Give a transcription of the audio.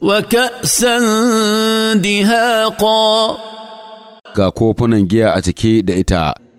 وكأسا دهاقا ga kofunan giya a cike da ita